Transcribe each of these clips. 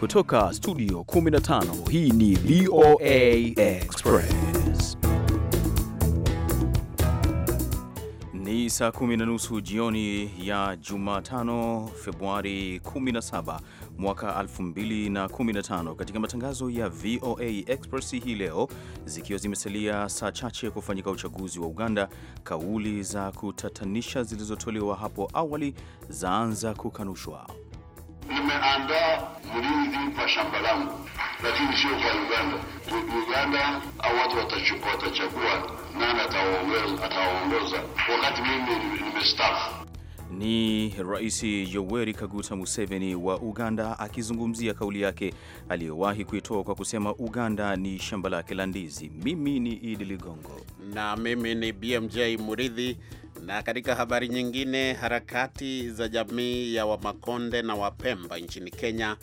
Kutoka studio 15 hii ni VOA Express. Ni saa kumi na nusu jioni ya Jumatano, Februari 17 mwaka 2015. Katika matangazo ya VOA Express hii leo, zikiwa zimesalia saa chache kufanyika uchaguzi wa Uganda, kauli za kutatanisha zilizotolewa hapo awali zaanza kukanushwa. Nimeandaa mlinzi kwa shamba langu, lakini sio kwa Uganda. Uganda au watu watachagua nani atawaongoza wakati mimi nimestaafu. Ni Rais Yoweri Kaguta Museveni wa Uganda akizungumzia kauli yake aliyowahi kuitoa kwa kusema Uganda ni shamba lake la ndizi. Mimi ni Idi Ligongo na mimi ni BMJ Muridhi. Na katika habari nyingine, harakati za jamii ya Wamakonde na Wapemba nchini Kenya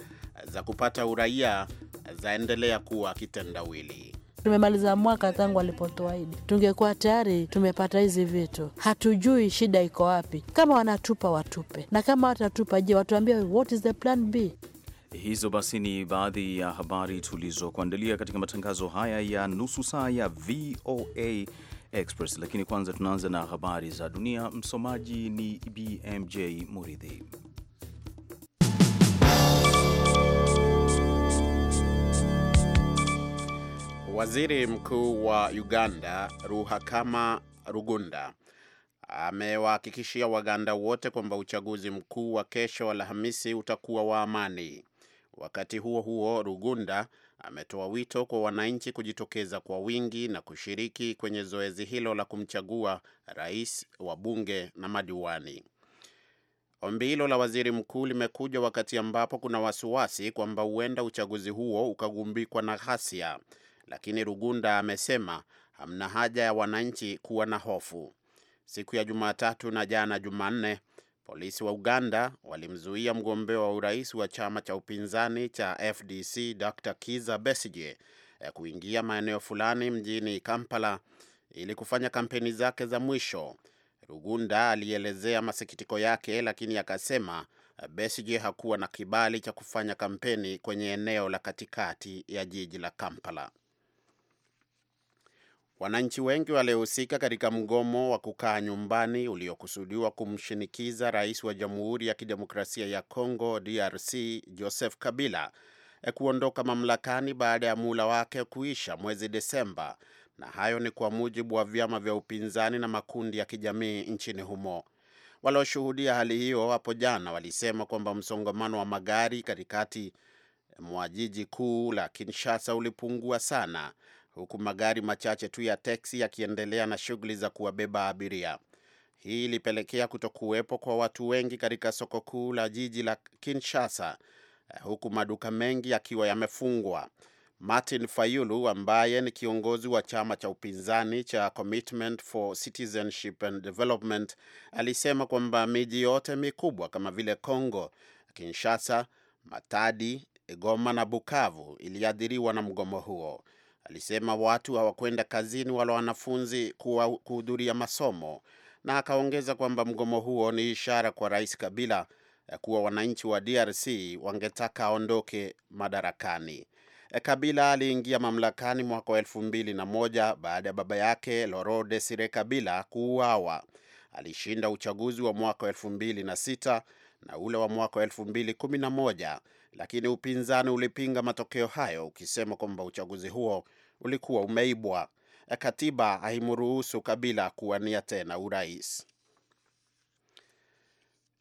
za kupata uraia zaendelea kuwa kitendawili. Tumemaliza mwaka tangu alipotuahidi tungekuwa tayari tumepata hizi vitu. Hatujui shida iko wapi. Kama wanatupa watupe, na kama watatupa, je, watuambie what is the plan B? Hizo basi ni baadhi ya habari tulizokuandalia katika matangazo haya ya nusu saa ya VOA Express, lakini kwanza tunaanza na habari za dunia. Msomaji ni BMJ Muridhi. Waziri Mkuu wa Uganda Ruhakama Rugunda amewahakikishia Waganda wote kwamba uchaguzi mkuu wa kesho Alhamisi utakuwa wa amani. Wakati huo huo, Rugunda ametoa wito kwa wananchi kujitokeza kwa wingi na kushiriki kwenye zoezi hilo la kumchagua rais, wa bunge na madiwani. Ombi hilo la waziri mkuu limekuja wakati ambapo kuna wasiwasi kwamba huenda uchaguzi huo ukagumbikwa na ghasia, lakini Rugunda amesema hamna haja ya wananchi kuwa na hofu. Siku ya Jumatatu na jana Jumanne Polisi wa Uganda walimzuia mgombea wa urais wa chama cha upinzani cha FDC Dr. Kiza ya eh, kuingia maeneo fulani mjini Kampala ili kufanya kampeni zake za mwisho. Rugunda alielezea masikitiko yake, lakini akasema eh, Besige hakuwa na kibali cha kufanya kampeni kwenye eneo la katikati ya jiji la Kampala. Wananchi wengi waliohusika katika mgomo wa kukaa nyumbani uliokusudiwa kumshinikiza rais wa Jamhuri ya Kidemokrasia ya congo DRC Joseph Kabila eh, kuondoka mamlakani baada ya muhula wake kuisha mwezi Desemba, na hayo ni kwa mujibu wa vyama vya upinzani na makundi ya kijamii nchini humo. Walioshuhudia hali hiyo hapo jana walisema kwamba msongamano wa magari katikati eh, mwa jiji kuu la Kinshasa ulipungua sana huku magari machache tu ya teksi yakiendelea na shughuli za kuwabeba abiria. Hii ilipelekea kutokuwepo kwa watu wengi katika soko kuu la jiji la Kinshasa, eh, huku maduka mengi yakiwa yamefungwa. Martin Fayulu ambaye ni kiongozi wa chama cha upinzani cha Commitment for Citizenship and Development alisema kwamba miji yote mikubwa kama vile congo Kinshasa, Matadi, Goma na Bukavu iliathiriwa na mgomo huo alisema watu hawakwenda kazini wala wanafunzi kuhudhuria masomo, na akaongeza kwamba mgomo huo ni ishara kwa Rais Kabila ya kuwa wananchi wa DRC wangetaka aondoke madarakani. E, Kabila aliingia mamlakani mwaka wa elfu mbili na moja baada ya baba yake Loro Desire Kabila kuuawa. Alishinda uchaguzi wa mwaka wa elfu mbili na sita na ule wa mwaka wa elfu mbili kumi na moja lakini upinzani ulipinga matokeo hayo ukisema kwamba uchaguzi huo ulikuwa umeibwa. E, katiba haimruhusu Kabila kuwania tena urais.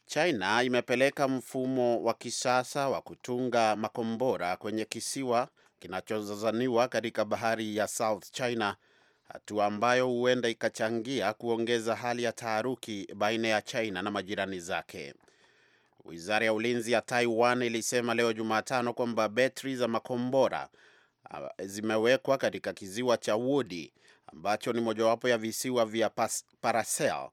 China imepeleka mfumo wa kisasa wa kutunga makombora kwenye kisiwa kinachozazaniwa katika bahari ya South China, hatua ambayo huenda ikachangia kuongeza hali ya taharuki baina ya China na majirani zake. Wizara ya ulinzi ya Taiwan ilisema leo Jumatano kwamba betri za makombora zimewekwa katika kiziwa cha Woody ambacho ni mojawapo ya visiwa vya Paracel.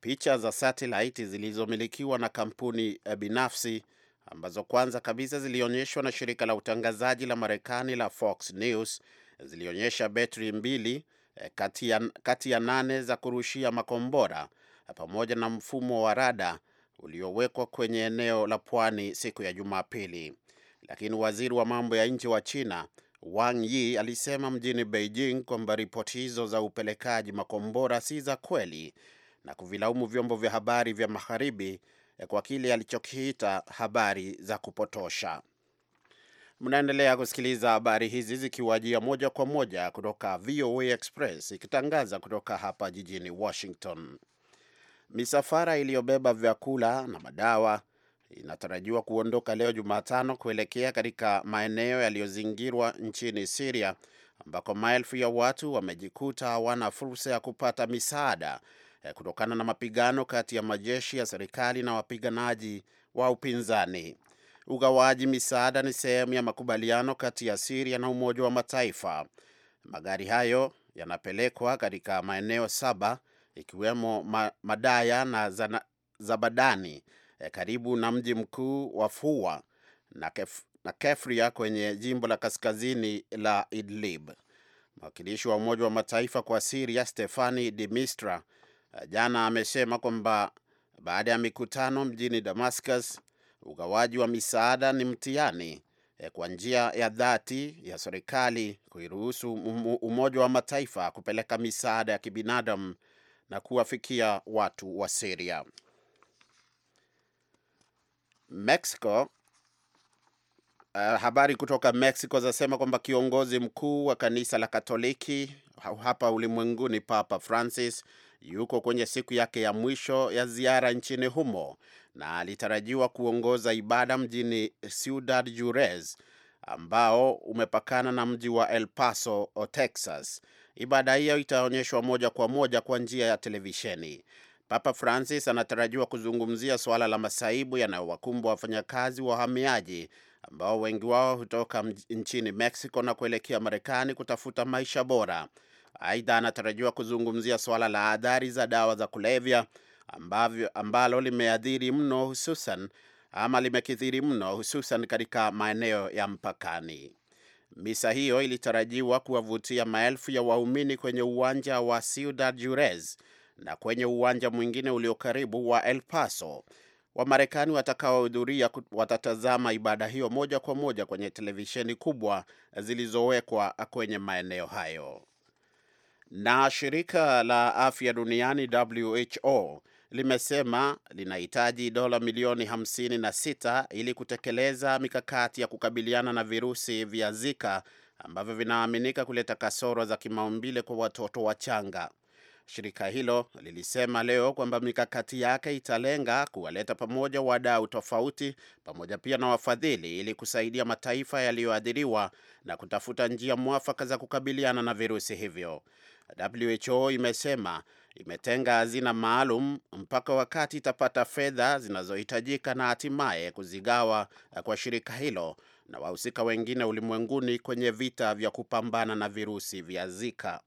Picha za satelaiti zilizomilikiwa na kampuni e, binafsi ambazo kwanza kabisa zilionyeshwa na shirika la utangazaji la Marekani la Fox News zilionyesha betri mbili e, kati ya, kati ya nane za kurushia makombora pamoja na mfumo wa rada uliowekwa kwenye eneo la pwani siku ya Jumapili, lakini waziri wa mambo ya nje wa China Wang Yi alisema mjini Beijing kwamba ripoti hizo za upelekaji makombora si za kweli na kuvilaumu vyombo vya habari vya magharibi eh, kwa kile alichokiita habari za kupotosha. Mnaendelea kusikiliza habari hizi zikiwajia moja kwa moja kutoka VOA Express ikitangaza kutoka hapa jijini Washington. Misafara iliyobeba vyakula na madawa inatarajiwa kuondoka leo Jumatano kuelekea katika maeneo yaliyozingirwa nchini Siria ambako maelfu ya watu wamejikuta hawana fursa ya kupata misaada eh, kutokana na mapigano kati ya majeshi ya serikali na wapiganaji wa upinzani. Ugawaji misaada ni sehemu ya makubaliano kati ya Siria na Umoja wa Mataifa. Magari hayo yanapelekwa katika maeneo saba ikiwemo Madaya na Zabadani Eh, karibu na mji mkuu wa Fua na, kef, na Kefria kwenye jimbo la kaskazini la Idlib. Mwakilishi wa Umoja wa Mataifa kwa Siria Stefani de Mistra eh, jana amesema kwamba baada ya mikutano mjini Damascus, ugawaji wa misaada ni mtihani eh, kwa njia ya dhati ya serikali kuiruhusu Umoja wa Mataifa kupeleka misaada ya kibinadamu na kuwafikia watu wa Siria. Mexico. Uh, habari kutoka Mexico zasema kwamba kiongozi mkuu wa kanisa la Katoliki hapa ulimwenguni Papa Francis yuko kwenye siku yake ya mwisho ya ziara nchini humo na alitarajiwa kuongoza ibada mjini Ciudad Juarez ambao umepakana na mji wa El Paso, Texas. Ibada hiyo itaonyeshwa moja kwa moja kwa njia ya televisheni. Papa Francis anatarajiwa kuzungumzia suala la masaibu yanayowakumbwa wafanyakazi wa wahamiaji ambao wengi wao hutoka nchini Mexico na kuelekea Marekani kutafuta maisha bora. Aidha, anatarajiwa kuzungumzia suala la adhari za dawa za kulevya ambavyo, ambalo limeathiri mno hususan ama limekithiri mno hususan katika maeneo ya mpakani. Misa hiyo ilitarajiwa kuwavutia maelfu ya waumini kwenye uwanja wa Ciudad Juarez na kwenye uwanja mwingine ulio karibu wa El Paso. Wamarekani watakaohudhuria watatazama ibada hiyo moja kwa moja kwenye televisheni kubwa zilizowekwa kwenye maeneo hayo. Na shirika la afya duniani WHO limesema linahitaji dola milioni 56 ili kutekeleza mikakati ya kukabiliana na virusi vya Zika ambavyo vinaaminika kuleta kasoro za kimaumbile kwa watoto wachanga. Shirika hilo lilisema leo kwamba mikakati yake italenga kuwaleta pamoja wadau tofauti pamoja pia na wafadhili ili kusaidia mataifa yaliyoathiriwa na kutafuta njia mwafaka za kukabiliana na virusi hivyo. WHO imesema imetenga hazina maalum mpaka wakati itapata fedha zinazohitajika na hatimaye kuzigawa kwa shirika hilo na wahusika wengine ulimwenguni kwenye vita vya kupambana na virusi vya Zika.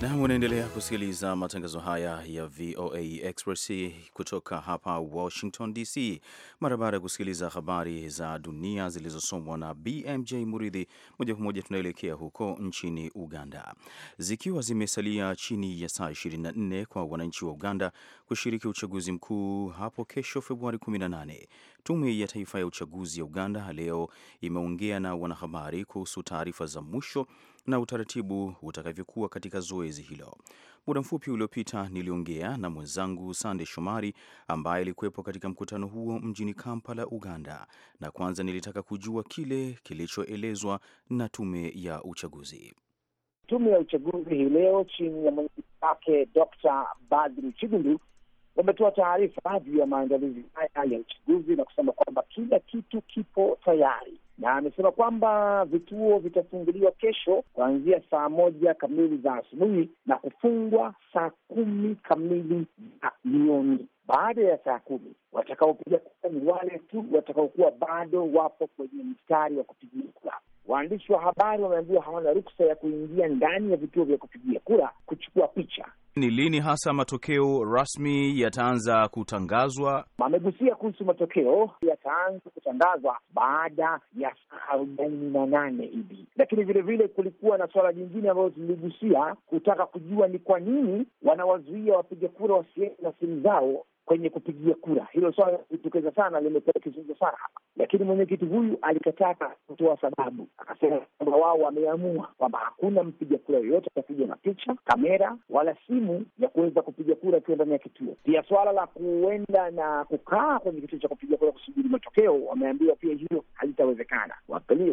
Nam, unaendelea kusikiliza matangazo haya ya VOA Express kutoka hapa Washington DC. Mara baada ya kusikiliza habari za dunia zilizosomwa na BMJ Muridhi, moja kwa moja tunaelekea huko nchini Uganda. Zikiwa zimesalia chini ya saa 24 kwa wananchi wa Uganda kushiriki uchaguzi mkuu hapo kesho Februari 18 Tume ya Taifa ya Uchaguzi ya Uganda leo imeongea na wanahabari kuhusu taarifa za mwisho na utaratibu utakavyokuwa katika zoezi hilo. Muda mfupi uliopita niliongea na mwenzangu Sande Shomari ambaye alikuwepo katika mkutano huo mjini Kampala, Uganda, na kwanza nilitaka kujua kile kilichoelezwa na tume ya uchaguzi. Tume ya uchaguzi hii leo chini ya mwenyekiti wake Dr. Badru Chigundu wametoa taarifa juu ya maandalizi haya ya uchaguzi na kusema kwamba kila kitu kipo tayari, na amesema kwamba vituo vitafunguliwa kesho kuanzia saa moja kamili za asubuhi na kufungwa saa kumi kamili za jioni. Baada ya saa kumi watakaopiga kura ni wale tu watakaokuwa bado wapo kwenye mstari wa kupigia kura. Waandishi wa habari wameambiwa hawana ruksa ya kuingia ndani ya vituo vya kupigia kura kuchukua picha ni lini hasa matokeo rasmi yataanza kutangazwa? Amegusia kuhusu matokeo yataanza kutangazwa baada ya saa arobaini na nane hivi, lakini vilevile kulikuwa na suala jingine ambazo ziligusia kutaka kujua ni kwa nini wanawazuia wapiga kura wasiende na simu zao kwenye kupigia kura. Hilo swala lilijitokeza sana, limekuwa likizungumzwa sana hapa, lakini mwenyekiti huyu alikataa kutoa sababu, akasema kwamba wao wameamua kwamba hakuna mpiga kura yoyote atakuja na picha, kamera wala simu ya kuweza kupiga kura akiwa ndani ya kituo. Pia swala la kuenda na kukaa kwenye kituo cha kupiga kura kusubiri matokeo, wameambiwa pia hilo halitawezekana.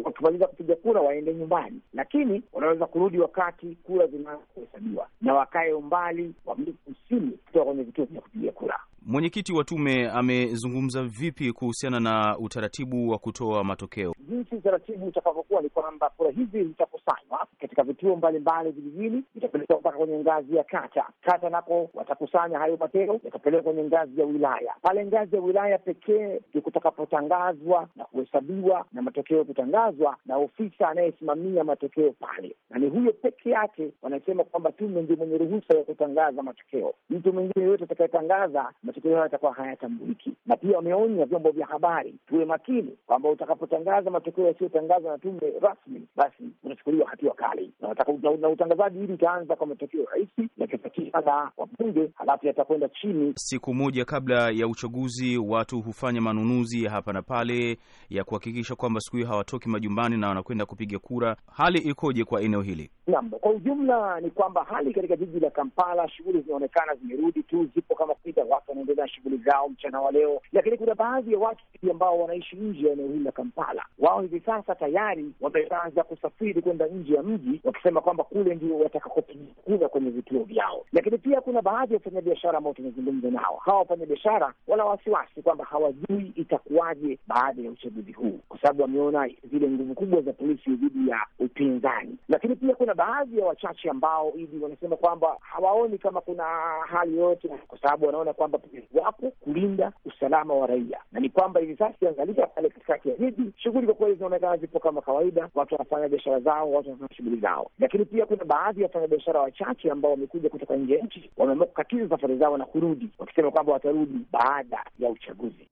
Wakimaliza kupiga kura waende nyumbani, lakini wanaweza kurudi wakati kura zinaohesabiwa na wakae umbali wa mita hamsini kutoka kwenye vituo vya kupiga kura. Mwenyekiti wa tume amezungumza vipi kuhusiana na utaratibu wa kutoa matokeo? Jinsi utaratibu utakavyokuwa ni kwamba kura hizi zitakusanywa katika vituo mbalimbali vijijini, vitapelekwa mpaka kwenye ngazi ya kata. Kata nako watakusanya hayo matero, yatapelekwa kwenye ngazi ya wilaya. Pale ngazi ya wilaya pekee kutakapotangazwa na kuhesabiwa na matokeo kutangazwa na ofisa anayesimamia matokeo pale, na ni huyo peke yake wanasema kwamba tume ndio mwenye ruhusa ya kutangaza matokeo. Mtu mwingine yoyote atakayetangaza matokeo hayo yatakuwa hayatambuliki. Na pia wameonya vyombo vya habari, tuwe makini kwamba utakapotangaza matokeo yasiyotangazwa na tume rasmi, basi unachukuliwa hatua kali utangazaji na utangazaji hili itaanza kwa matokeo rahisi yakifuatiwa na wabunge, halafu yatakwenda chini. Siku moja kabla ya uchaguzi, watu hufanya manunuzi hapa na pale ya kuhakikisha kwamba siku hiyo hawatoki majumbani na wanakwenda kupiga kura. Hali ikoje kwa eneo hili? Naam, kwa ujumla ni kwamba hali katika jiji la Kampala, shughuli zinaonekana zimerudi tu, zipo kama kupita, watu wanaendelea na shughuli zao mchana wa leo, lakini kuna baadhi ya watu ambao wanaishi nje ya eneo hili la Kampala, wao hivi sasa tayari wameanza kusafiri kwenda nje ya mji wakisema kwamba kule ndio watakakokuza kwenye vituo vyao. Lakini pia kuna baadhi ya wafanyabiashara ambao tumezungumza nao, hawa wafanyabiashara wana wasiwasi kwamba hawajui itakuwaje baada ya uchaguzi huu, kwa sababu wameona zile nguvu kubwa za polisi dhidi ya upinzani. Lakini pia kuna baadhi ya wachache ambao hivi wanasema kwamba hawaoni kama kuna hali yoyote, kwa sababu wanaona kwamba wapo kulinda usalama wa raia, na ni kwamba hivi sasa ukiangalia pale katikati ya jiji, shughuli kwa kweli zinaonekana zipo kama kawaida, watu wanafanya biashara zao, watu wanafanya shughuli zao zao, lakini pia kuna baadhi ya wafanyabiashara wachache ambao wamekuja kutoka nje ya nchi wameamua kukatiza safari zao na kurudi, wakisema kwamba watarudi baada ya uchaguzi.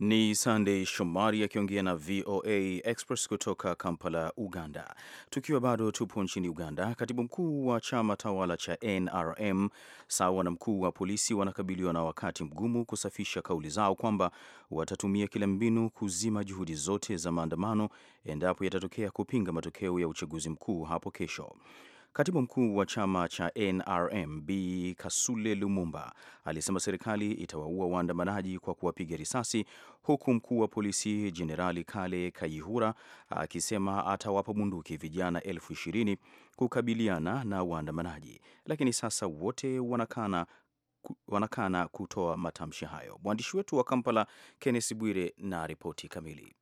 Ni sandey Shomari akiongea na VOA Express kutoka Kampala, Uganda. Tukiwa bado tupo nchini Uganda, katibu mkuu wa chama tawala cha NRM sawa na mkuu wa polisi wanakabiliwa na wakati mgumu kusafisha kauli zao kwamba watatumia kila mbinu kuzima juhudi zote za maandamano endapo yatatokea kupinga matokeo ya uchaguzi mkuu hapo kesho. Katibu mkuu wa chama cha NRM B Kasule Lumumba alisema serikali itawaua waandamanaji kwa kuwapiga risasi, huku mkuu wa polisi Jenerali Kale Kayihura akisema atawapa bunduki vijana elfu ishirini kukabiliana na waandamanaji, lakini sasa wote wanakana wanakana kutoa matamshi hayo. Mwandishi wetu wa Kampala, Kennes Bwire, na ripoti kamili.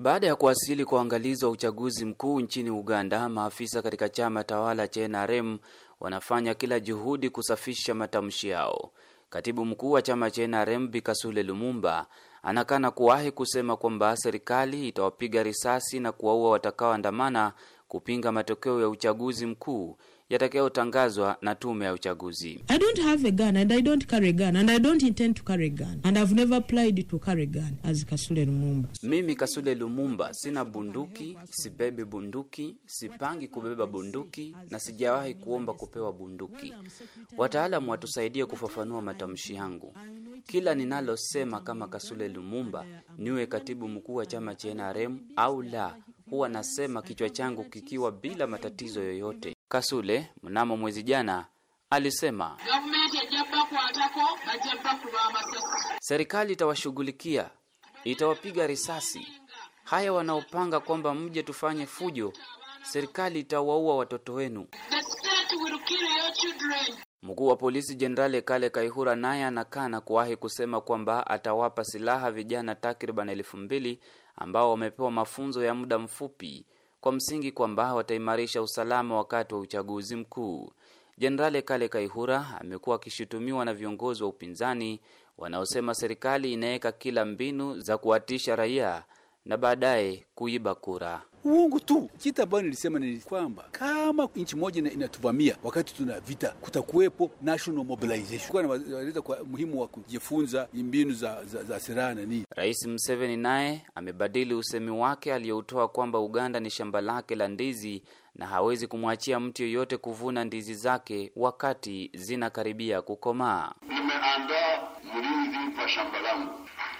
Baada ya kuwasili kwa uangalizi wa uchaguzi mkuu nchini Uganda, maafisa katika chama tawala cha NRM wanafanya kila juhudi kusafisha matamshi yao. Katibu mkuu wa chama cha NRM Bikasule Lumumba anakana kuwahi kusema kwamba serikali itawapiga risasi na kuwaua watakaoandamana kupinga matokeo ya uchaguzi mkuu yatakayotangazwa na tume ya uchaguzi. I don't have a gun and I don't carry a gun and I don't intend to carry a gun and I've never applied to carry a gun as Kasule Lumumba. Mimi Kasule Lumumba sina bunduki, sibebi bunduki, sipangi kubeba bunduki na sijawahi kuomba kupewa bunduki. wataalam watusaidie kufafanua matamshi yangu. Kila ninalosema kama Kasule Lumumba, niwe katibu mkuu wa chama cha NRM au la, huwa nasema kichwa changu kikiwa bila matatizo yoyote. Kasule mnamo mwezi jana alisema serikali itawashughulikia, itawapiga risasi. Haya wanaopanga kwamba mje tufanye fujo, serikali itawaua watoto wenu. Mkuu wa polisi Jenerali Kale Kaihura naye anakana kuwahi kusema kwamba atawapa silaha vijana takriban elfu mbili ambao wamepewa mafunzo ya muda mfupi kwa msingi kwamba wataimarisha usalama wakati wa uchaguzi mkuu. Jenerali Kale Kaihura amekuwa akishutumiwa na viongozi wa upinzani wanaosema serikali inaweka kila mbinu za kuwatisha raia na baadaye kuiba kura. Uongo tu. Kitu ambayo nilisema ni kwamba kama nchi moja inatuvamia wakati tuna vita, kutakuwepo national mobilization kwa naeleza kwa muhimu wa kujifunza mbinu za, za, za silaha na nini. Rais Museveni naye amebadili usemi wake aliyoutoa kwamba Uganda ni shamba lake la ndizi na hawezi kumwachia mtu yeyote kuvuna ndizi zake wakati zinakaribia kukomaa. Nimeandaa mlinzi kwa shamba langu,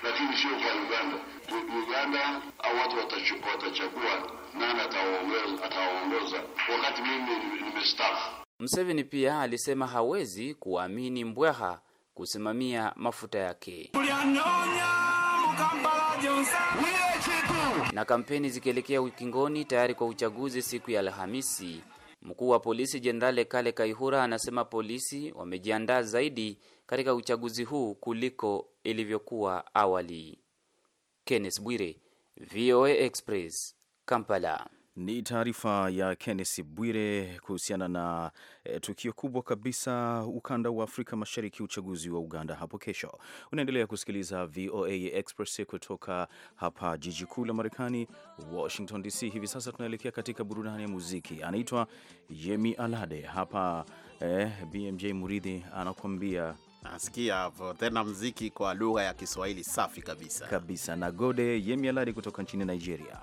lakini sio kwa Uganda. Uganda au watu watachagua nani atawaongoza wakati mimi nimestaafu. Mseveni pia alisema hawezi kuamini Mbweha kusimamia mafuta yake. Na kampeni zikielekea ukingoni tayari kwa uchaguzi siku ya Alhamisi, mkuu wa polisi Jenerali Kale Kaihura anasema polisi wamejiandaa zaidi katika uchaguzi huu kuliko ilivyokuwa awali. Kenneth Bwire, VOA Express, Kampala. Ni taarifa ya kennes Bwire kuhusiana na e, tukio kubwa kabisa ukanda wa Afrika Mashariki, uchaguzi wa Uganda hapo kesho. Unaendelea kusikiliza VOA Express kutoka hapa jiji kuu la Marekani, Washington DC. Hivi sasa tunaelekea katika burudani ya muziki, anaitwa Yemi Alade hapa e, eh, BMJ Muridhi anakuambia Nasikia hapo tena mziki kwa lugha ya Kiswahili safi kabisa kabisa. Na Gode Yemialadi kutoka nchini Nigeria.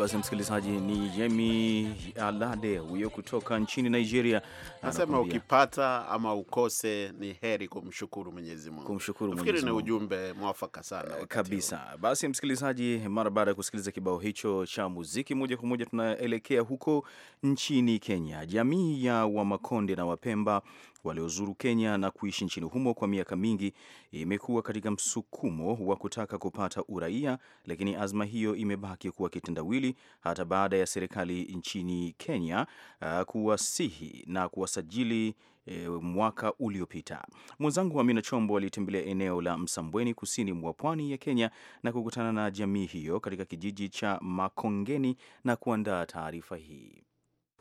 basi msikilizaji, ni Yemi Alade huyo kutoka nchini Nigeria. Nasema ukipata ama ukose, ni heri kumshukuru Mwenyezi Mungu, kumshukuru Mwenyezi Mungu. ni ujumbe mwafaka sana kabisa. Basi msikilizaji, mara baada ya kusikiliza kibao hicho cha muziki, moja kwa moja tunaelekea huko nchini Kenya. Jamii ya Wamakonde na Wapemba waliozuru Kenya na kuishi nchini humo kwa miaka mingi imekuwa katika msukumo wa kutaka kupata uraia, lakini azma hiyo imebaki kuwa kitendawili hata baada ya serikali nchini Kenya uh, kuwasihi na kuwasajili E, mwaka uliopita mwenzangu Amina Chombo alitembelea eneo la Msambweni kusini mwa pwani ya Kenya na kukutana na jamii hiyo katika kijiji cha Makongeni na kuandaa taarifa hii.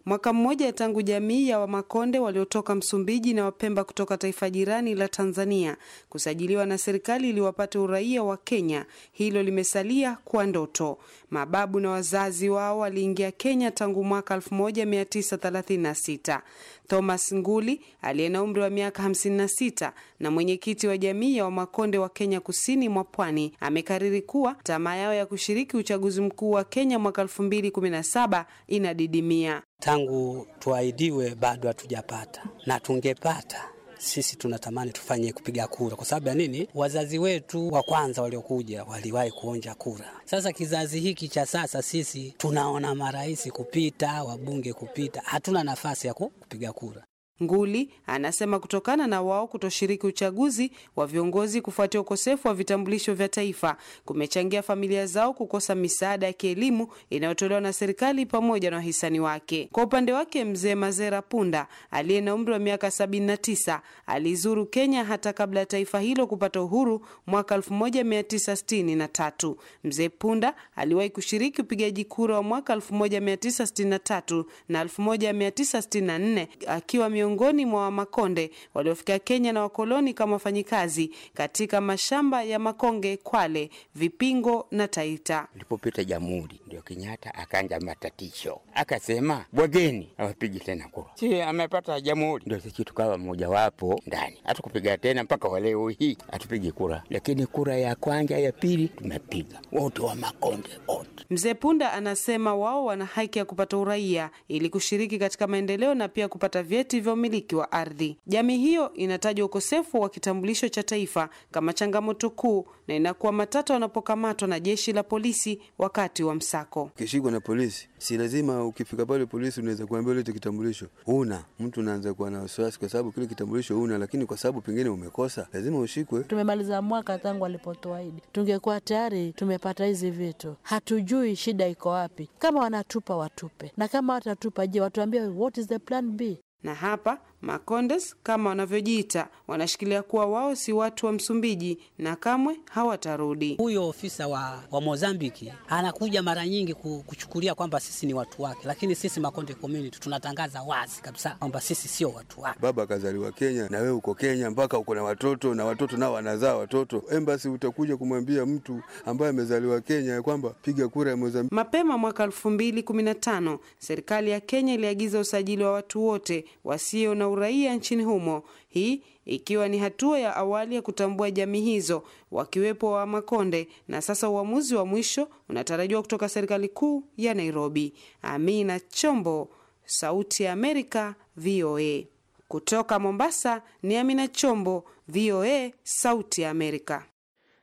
Mwaka mmoja tangu jamii ya Wamakonde waliotoka Msumbiji na Wapemba kutoka taifa jirani la Tanzania kusajiliwa na serikali ili wapate uraia wa Kenya, hilo limesalia kuwa ndoto. Mababu na wazazi wao waliingia Kenya tangu mwaka 1936. Thomas Nguli aliye na umri wa miaka 56 na mwenyekiti wa jamii ya Wamakonde wa Kenya kusini mwa pwani amekariri kuwa tamaa yao ya kushiriki uchaguzi mkuu wa Kenya mwaka 2017 inadidimia. Tangu tuahidiwe bado hatujapata, na tungepata sisi tunatamani tufanye kupiga kura. Kwa sababu ya nini? Wazazi wetu wa kwanza waliokuja waliwahi kuonja kura. Sasa kizazi hiki cha sasa, sisi tunaona marais kupita, wabunge kupita, hatuna nafasi ya kupiga kura. Nguli anasema kutokana na wao kutoshiriki uchaguzi wa viongozi kufuatia ukosefu wa vitambulisho vya taifa kumechangia familia zao kukosa misaada ya kielimu inayotolewa na serikali pamoja na wahisani wake. Kwa upande wake, mzee Mazera Punda aliye na umri wa miaka 79 alizuru Kenya hata kabla ya taifa hilo kupata uhuru mwaka 1963. Mzee Punda aliwahi kushiriki upigaji kura wa mwaka 1963 na 1964 akiwa miongoni miongoni mwa Wamakonde waliofika Kenya na wakoloni kama wafanyikazi katika mashamba ya makonge, Kwale, Vipingo na Taita. Ilipopita jamhuri, ndio Kenyatta akanja matatisho, akasema wageni awapigi tena kura. Si amepata jamhuri, ndio sisi tukawa mmojawapo ndani, hatukupiga tena mpaka waleo hii hatupigi kura, lakini kura ya kwanja ya pili tumepiga wote, wa makonde wote. Mzee Punda anasema wao wana haki ya kupata uraia ili kushiriki katika maendeleo na pia kupata vyeti vya wamiliki wa ardhi. Jamii hiyo inataja ukosefu wa kitambulisho cha taifa kama changamoto kuu na inakuwa matata wanapokamatwa na jeshi la polisi wakati wa msako. Ukishikwa na polisi, si lazima ukifika pale polisi unaweza kuambia ulete kitambulisho, una mtu unaanza kuwa na wasiwasi, kwa sababu kile kitambulisho una, lakini kwa sababu pengine umekosa, lazima ushikwe. Tumemaliza mwaka tangu alipotoa tungekuwa tayari tumepata hizi vitu. Hatujui shida iko wapi. Kama wanatupa watupe, na kama watatupa, je, watuambie what is the plan B? na hapa Makondes kama wanavyojiita wanashikilia kuwa wao si watu wa Msumbiji na kamwe hawatarudi. Huyo ofisa wa, wa Mozambiki anakuja mara nyingi kuchukulia kwamba sisi ni watu wake, lakini sisi Makonde community tunatangaza wazi kabisa kwamba sisi sio watu wake. Baba akazaliwa Kenya na wewe uko Kenya, mpaka uko na watoto na watoto nao wanazaa watoto. Embasi utakuja kumwambia mtu ambaye amezaliwa Kenya ya kwamba piga kura ya Mozambiki. Mapema mwaka elfu mbili kumi na tano serikali ya Kenya iliagiza usajili wa watu wote wasio na uraia nchini humo, hii ikiwa ni hatua ya awali ya kutambua jamii hizo wakiwepo wa Makonde, na sasa uamuzi wa mwisho unatarajiwa kutoka serikali kuu ya Nairobi. Amina Chombo, Sauti ya Amerika, VOA. Kutoka Mombasa ni Amina Chombo, VOA, Sauti ya Amerika.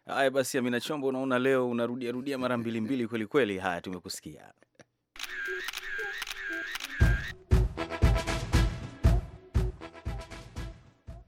Haya basi, Amina Chombo, unaona leo unarudiarudia mara mbili mbili kweli kweli. Haya, tumekusikia.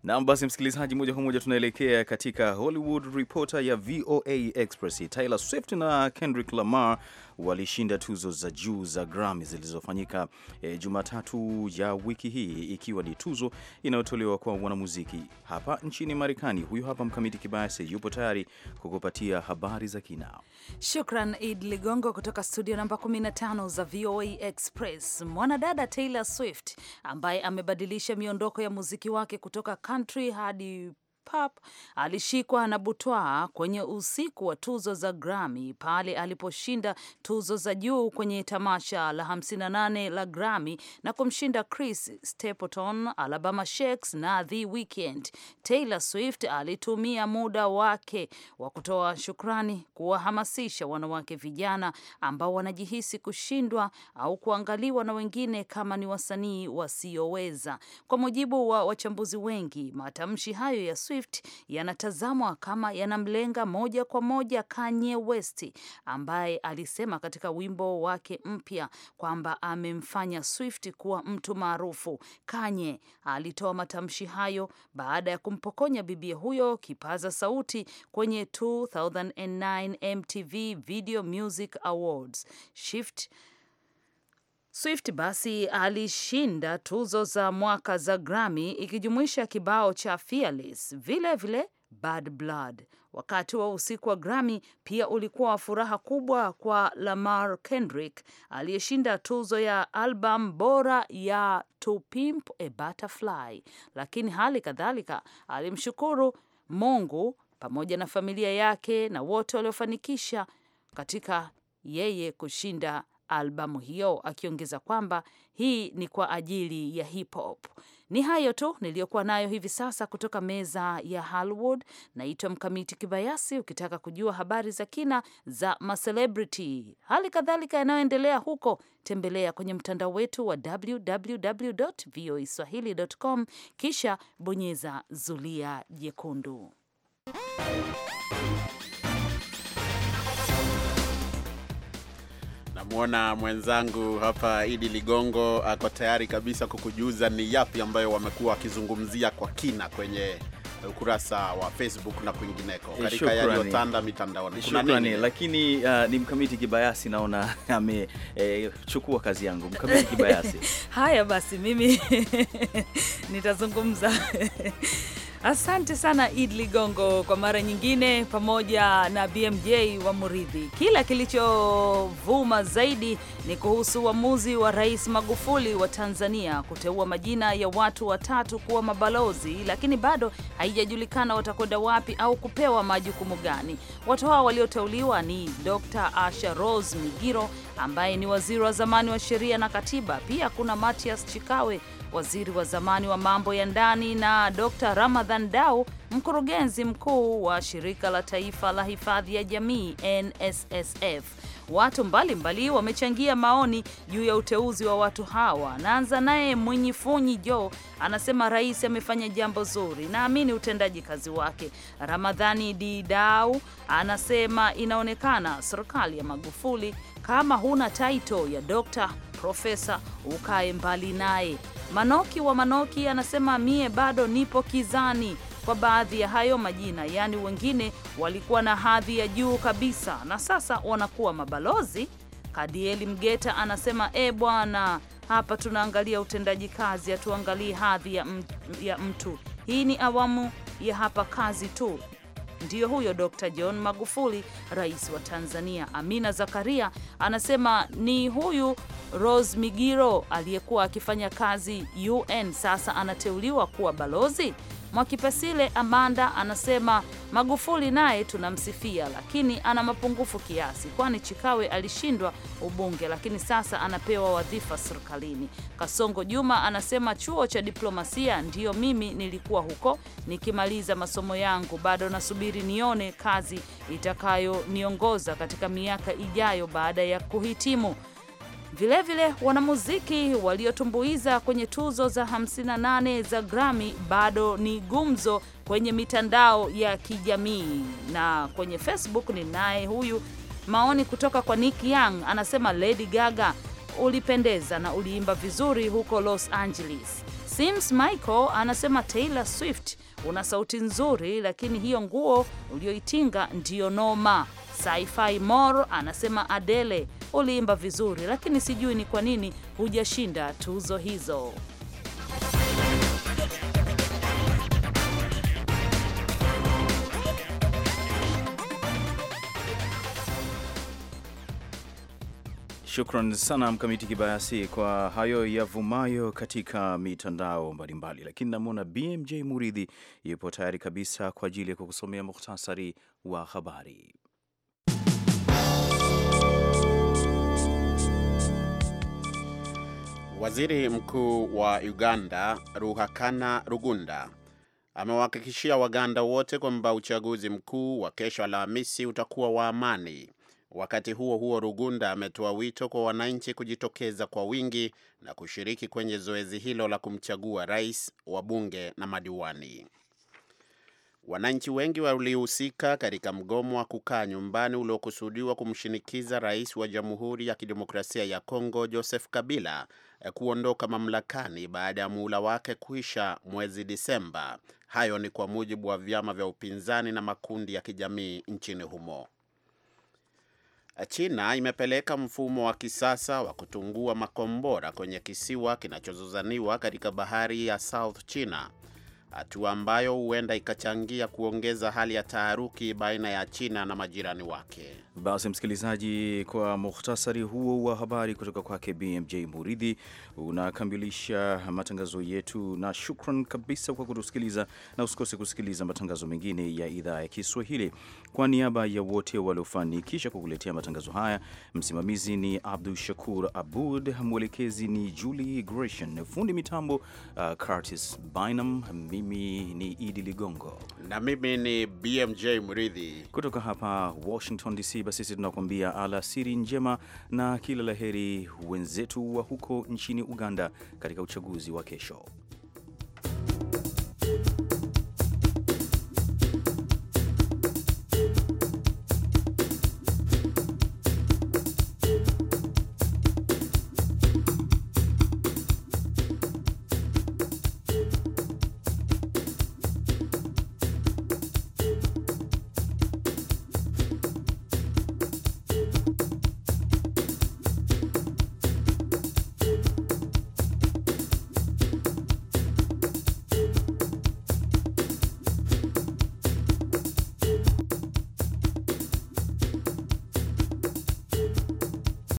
Nam, basi msikilizaji, moja kwa moja tunaelekea katika Hollywood Reporter ya VOA Express. Taylor Swift na Kendrick Lamar walishinda tuzo za juu za Grammy zilizofanyika e, Jumatatu ya wiki hii, ikiwa ni tuzo inayotolewa kwa wanamuziki hapa nchini Marekani. Huyu hapa Mkamiti Kibayasi yupo tayari kukupatia habari za kina. Shukran Id Ligongo kutoka studio namba 15 za VOA Express. Mwanadada Taylor Swift ambaye amebadilisha miondoko ya muziki wake kutoka country hadi Pap alishikwa na butwaa kwenye usiku wa tuzo za Grammy pale aliposhinda tuzo za juu kwenye tamasha la 58 la Grammy na kumshinda Chris Stapleton, Alabama Shakes na The Weeknd. Taylor Swift alitumia muda wake wa kutoa shukrani kuwahamasisha wanawake vijana ambao wanajihisi kushindwa au kuangaliwa na wengine kama ni wasanii wasioweza. Kwa mujibu wa wachambuzi wengi, matamshi hayo ya Swift Swift yanatazamwa kama yanamlenga moja kwa moja Kanye West ambaye alisema katika wimbo wake mpya kwamba amemfanya Swift kuwa mtu maarufu. Kanye alitoa matamshi hayo baada ya kumpokonya bibia huyo kipaza sauti kwenye 2009 MTV Video Music Awards. Swift Swift basi alishinda tuzo za mwaka za Grammy ikijumuisha kibao cha Fearless, vile vile Bad Blood. Wakati wa usiku wa Grammy pia ulikuwa furaha kubwa kwa Lamar Kendrick aliyeshinda tuzo ya albamu bora ya To Pimp a Butterfly, lakini hali kadhalika alimshukuru Mungu pamoja na familia yake na wote waliofanikisha katika yeye kushinda albamu hiyo, akiongeza kwamba hii ni kwa ajili ya hip hop. Ni hayo tu niliyokuwa nayo hivi sasa kutoka meza ya Hollywood. Naitwa Mkamiti Kibayasi. Ukitaka kujua habari za kina za macelebrity, hali kadhalika yanayoendelea huko, tembelea kwenye mtandao wetu wa www voa www.voaswahili.com, kisha bonyeza zulia jekundu. namwona mwenzangu hapa Idi Ligongo ako tayari kabisa kukujuza ni yapi ambayo wamekuwa wakizungumzia kwa kina kwenye ukurasa wa Facebook na kwingineko eh, katika yaliyotanda mitandaoni. Shukrani, lakini uh, ni mkamiti Kibayasi naona amechukua eh, kazi yangu mkamiti Kibayasi. Haya basi mimi nitazungumza Asante sana Id Ligongo kwa mara nyingine, pamoja na BMJ wa Muridhi. Kila kilichovuma zaidi ni kuhusu uamuzi wa Rais Magufuli wa Tanzania kuteua majina ya watu watatu kuwa mabalozi, lakini bado haijajulikana watakwenda wapi au kupewa majukumu gani. Watu hao walioteuliwa ni Dr. Asha Rose Migiro ambaye ni waziri wa zamani wa sheria na katiba. Pia kuna Matias Chikawe, waziri wa zamani wa mambo ya ndani, na Dr. Ramadhan Dau, Mkurugenzi mkuu wa shirika la taifa la hifadhi ya jamii NSSF. Watu mbalimbali wamechangia maoni juu ya uteuzi wa watu hawa. Naanza naye Mwinyifunyi Jo, anasema rais amefanya jambo zuri, naamini utendaji kazi wake. Ramadhani Didau anasema inaonekana serikali ya Magufuli, kama huna taito ya dokta profesa ukae mbali naye. Manoki wa Manoki anasema mie bado nipo kizani kwa baadhi ya hayo majina, yaani wengine walikuwa na hadhi ya juu kabisa na sasa wanakuwa mabalozi. Kadieli Mgeta anasema e, bwana, hapa tunaangalia utendaji kazi, hatuangalii hadhi ya, ya mtu. Hii ni awamu ya hapa kazi tu. Ndiyo huyo Dr. John Magufuli, rais wa Tanzania. Amina Zakaria anasema ni huyu Rose Migiro aliyekuwa akifanya kazi UN, sasa anateuliwa kuwa balozi. Mwakipesile Amanda anasema Magufuli naye tunamsifia, lakini ana mapungufu kiasi, kwani Chikawe alishindwa ubunge, lakini sasa anapewa wadhifa serikalini. Kasongo Juma anasema chuo cha diplomasia, ndiyo mimi nilikuwa huko. Nikimaliza masomo yangu, bado nasubiri nione kazi itakayoniongoza katika miaka ijayo baada ya kuhitimu. Vilevile wanamuziki waliotumbuiza kwenye tuzo za 58 za Grammy bado ni gumzo kwenye mitandao ya kijamii na kwenye Facebook. Ni naye huyu maoni kutoka kwa Nick Young anasema, Lady Gaga ulipendeza na uliimba vizuri huko Los Angeles. Sims Michael anasema, Taylor Swift una sauti nzuri, lakini hiyo nguo ulioitinga ndiyo noma. Sci-fi Mor anasema, Adele uliimba vizuri, lakini sijui ni kwa nini hujashinda tuzo hizo. Shukran sana Mkamiti Kibayasi kwa hayo yavumayo katika mitandao mbalimbali, lakini namwona BMJ Muridhi yupo tayari kabisa kwa ajili ya kukusomea muhtasari wa habari. Waziri Mkuu wa Uganda Ruhakana Rugunda amewahakikishia Waganda wote kwamba uchaguzi mkuu wa kesho Alhamisi utakuwa wa amani. Wakati huo huo, Rugunda ametoa wito kwa wananchi kujitokeza kwa wingi na kushiriki kwenye zoezi hilo la kumchagua rais, wabunge na madiwani. Wananchi wengi walihusika katika mgomo wa kukaa nyumbani uliokusudiwa kumshinikiza rais wa Jamhuri ya Kidemokrasia ya Kongo Joseph Kabila eh, kuondoka mamlakani baada ya muhula wake kuisha mwezi Disemba. Hayo ni kwa mujibu wa vyama vya upinzani na makundi ya kijamii nchini humo. China imepeleka mfumo wa kisasa wa kutungua makombora kwenye kisiwa kinachozozaniwa katika bahari ya South China hatua ambayo huenda ikachangia kuongeza hali ya taharuki baina ya China na majirani wake. Basi msikilizaji, kwa muhtasari huo wa habari kutoka kwake BMJ Muridhi, unakamilisha matangazo yetu, na shukran kabisa kwa kutusikiliza, na usikose kusikiliza matangazo mengine ya idhaa ya Kiswahili kwa niaba ya wote waliofanikisha kukuletea matangazo haya, msimamizi ni Abdu Shakur Abud, mwelekezi ni Julie Gresham, fundi mitambo uh, Curtis Bynum, mimi ni Idi Ligongo na mimi ni BMJ Mridhi kutoka hapa Washington DC. Basi sisi tunakuambia alasiri njema na kila laheri wenzetu wa huko nchini Uganda katika uchaguzi wa kesho.